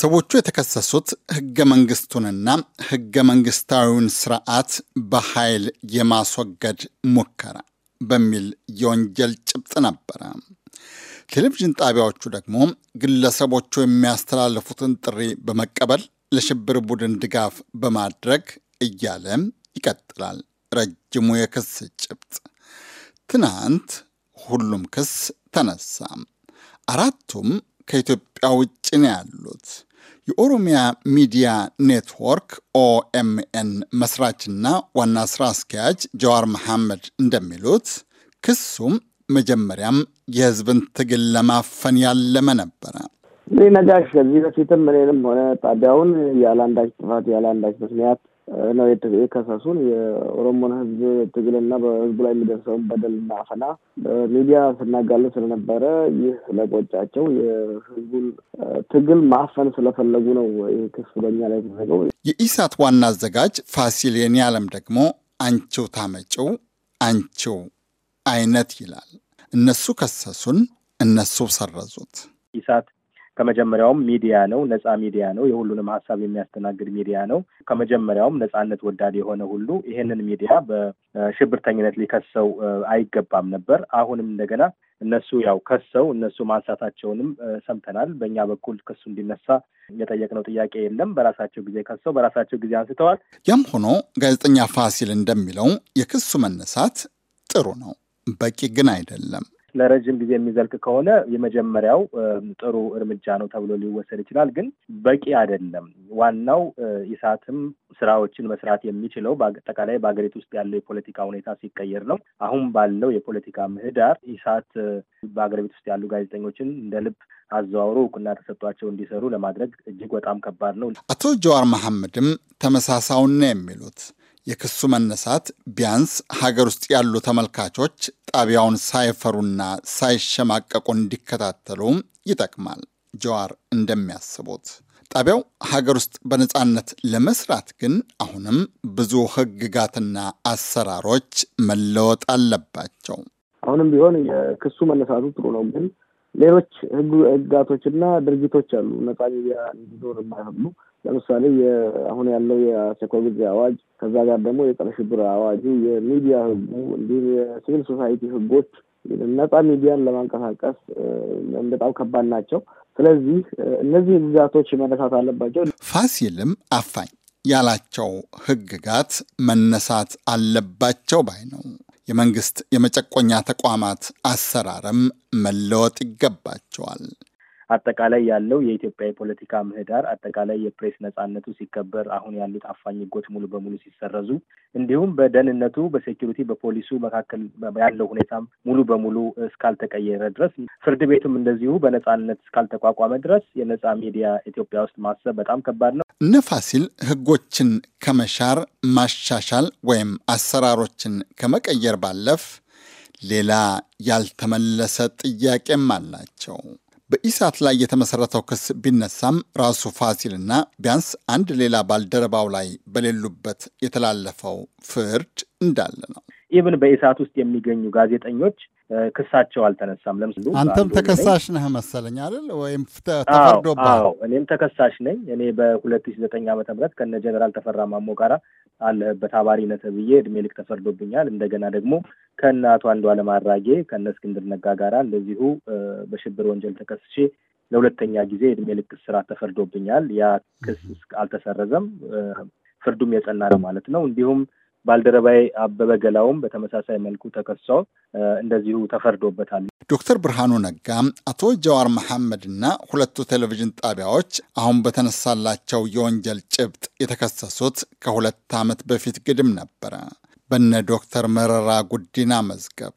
ሰዎቹ የተከሰሱት ህገ መንግስቱንና ህገ መንግስታዊውን ስርዓት በኃይል የማስወገድ ሙከራ በሚል የወንጀል ጭብጥ ነበረ። ቴሌቪዥን ጣቢያዎቹ ደግሞ ግለሰቦቹ የሚያስተላልፉትን ጥሪ በመቀበል ለሽብር ቡድን ድጋፍ በማድረግ እያለ ይቀጥላል ረጅሙ የክስ ጭብጥ። ትናንት ሁሉም ክስ ተነሳ። አራቱም ከኢትዮጵያ ውጭ ነው ያሉት። የኦሮሚያ ሚዲያ ኔትወርክ ኦኤምኤን መስራችና ዋና ስራ አስኪያጅ ጀዋር መሐመድ እንደሚሉት ክሱም መጀመሪያም የህዝብን ትግል ለማፈን ያለመ ነበረ። ነጃሽ ከዚህ በፊትም እኔንም ሆነ ጣቢያውን ያለ አንዳች ጥፋት ያለ አንዳች ምክንያት ነው የከሰሱን። የኦሮሞን ህዝብ ትግልና በህዝቡ ላይ የሚደርሰውን በደልና አፈና በሚዲያ ስናጋሉ ስለነበረ ይህ ስለቆጫቸው የህዝቡን ትግል ማፈን ስለፈለጉ ነው ይህ ክስ በኛ ላይ ተዘገው። የኢሳት ዋና አዘጋጅ ፋሲል የኔ አለም ደግሞ አንቺው ታመጪው አንቺው አይነት ይላል። እነሱ ከሰሱን፣ እነሱ ሰረዙት። ኢሳት ከመጀመሪያውም ሚዲያ ነው፣ ነፃ ሚዲያ ነው፣ የሁሉንም ሀሳብ የሚያስተናግድ ሚዲያ ነው። ከመጀመሪያውም ነፃነት ወዳድ የሆነ ሁሉ ይሄንን ሚዲያ በሽብርተኝነት ሊከሰው አይገባም ነበር። አሁንም እንደገና እነሱ ያው ከሰው እነሱ ማንሳታቸውንም ሰምተናል። በእኛ በኩል ክሱ እንዲነሳ የጠየቅነው ጥያቄ የለም። በራሳቸው ጊዜ ከሰው በራሳቸው ጊዜ አንስተዋል። ያም ሆኖ ጋዜጠኛ ፋሲል እንደሚለው የክሱ መነሳት ጥሩ ነው፣ በቂ ግን አይደለም። ለረጅም ጊዜ የሚዘልቅ ከሆነ የመጀመሪያው ጥሩ እርምጃ ነው ተብሎ ሊወሰድ ይችላል፣ ግን በቂ አይደለም። ዋናው ኢሳትም ስራዎችን መስራት የሚችለው በአጠቃላይ በሀገሪቱ ውስጥ ያለው የፖለቲካ ሁኔታ ሲቀየር ነው። አሁን ባለው የፖለቲካ ምህዳር ኢሳት በሀገር ቤት ውስጥ ያሉ ጋዜጠኞችን እንደ ልብ አዘዋውሮ እውቅና ተሰጧቸው እንዲሰሩ ለማድረግ እጅግ በጣም ከባድ ነው። አቶ ጀዋር መሐመድም ተመሳሳዩን ነው የሚሉት የክሱ መነሳት ቢያንስ ሀገር ውስጥ ያሉ ተመልካቾች ጣቢያውን ሳይፈሩና ሳይሸማቀቁ እንዲከታተሉ ይጠቅማል። ጀዋር እንደሚያስቡት ጣቢያው ሀገር ውስጥ በነፃነት ለመስራት ግን አሁንም ብዙ ህግጋትና አሰራሮች መለወጥ አለባቸው። አሁንም ቢሆን የክሱ መነሳቱ ጥሩ ነው፣ ግን ሌሎች ህግጋቶች እና ድርጊቶች አሉ። ነጻ ሚዲያ እንዲኖር የማይፈቅዱ ለምሳሌ አሁን ያለው የአስቸኳይ ጊዜ አዋጅ፣ ከዛ ጋር ደግሞ የጸረ ሽብር አዋጁ፣ የሚዲያ ህጉ፣ እንዲሁም የሲቪል ሶሳይቲ ህጎች ነጻ ሚዲያን ለማንቀሳቀስ በጣም ከባድ ናቸው። ስለዚህ እነዚህ ህግጋቶች መነሳት አለባቸው። ፋሲልም አፋኝ ያላቸው ህግጋት መነሳት አለባቸው ባይ ነው። የመንግስት የመጨቆኛ ተቋማት አሰራርም መለወጥ ይገባቸዋል። አጠቃላይ ያለው የኢትዮጵያ የፖለቲካ ምህዳር አጠቃላይ የፕሬስ ነጻነቱ ሲከበር፣ አሁን ያሉት አፋኝ ህጎች ሙሉ በሙሉ ሲሰረዙ፣ እንዲሁም በደህንነቱ በሴኪሪቲ በፖሊሱ መካከል ያለው ሁኔታም ሙሉ በሙሉ እስካልተቀየረ ድረስ ፍርድ ቤቱም እንደዚሁ በነጻነት እስካልተቋቋመ ድረስ የነጻ ሚዲያ ኢትዮጵያ ውስጥ ማሰብ በጣም ከባድ ነው። ነፋሲል ህጎችን ከመሻር ማሻሻል ወይም አሰራሮችን ከመቀየር ባለፍ ሌላ ያልተመለሰ ጥያቄም አላቸው። በኢሳት ላይ የተመሰረተው ክስ ቢነሳም ራሱ ፋሲልና ቢያንስ አንድ ሌላ ባልደረባው ላይ በሌሉበት የተላለፈው ፍርድ እንዳለ ነው። ኢብን በኢሳት ውስጥ የሚገኙ ጋዜጠኞች ክሳቸው አልተነሳም። ለምስሉ አንተም ተከሳሽ ነህ መሰለኝ አይደል? ወይም ተፈርዶብሃል? እኔም ተከሳሽ ነኝ። እኔ በሁለት ሺ ዘጠኝ ዓመተ ምህረት ከነ ጀነራል ተፈራ ማሞ ጋራ አለህበት አባሪ ነህ እድሜ ልክ ተፈርዶብኛል። እንደገና ደግሞ ከነ አቶ አንዱዓለም አራጌ ከነ እስክንድር ነጋ ጋራ እንደዚሁ በሽብር ወንጀል ተከስሼ ለሁለተኛ ጊዜ እድሜ ልክ እስራት ተፈርዶብኛል። ያ ክስ አልተሰረዘም፣ ፍርዱም የጸና ነው ማለት ነው። እንዲሁም ባልደረባይ አበበ ገላውም በተመሳሳይ መልኩ ተከሶ እንደዚሁ ተፈርዶበታል። ዶክተር ብርሃኑ ነጋ አቶ ጀዋር እና ሁለቱ ቴሌቪዥን ጣቢያዎች አሁን በተነሳላቸው የወንጀል ጭብጥ የተከሰሱት ከሁለት ዓመት በፊት ግድም ነበረ በነ ዶክተር መረራ ጉዲና መዝገብ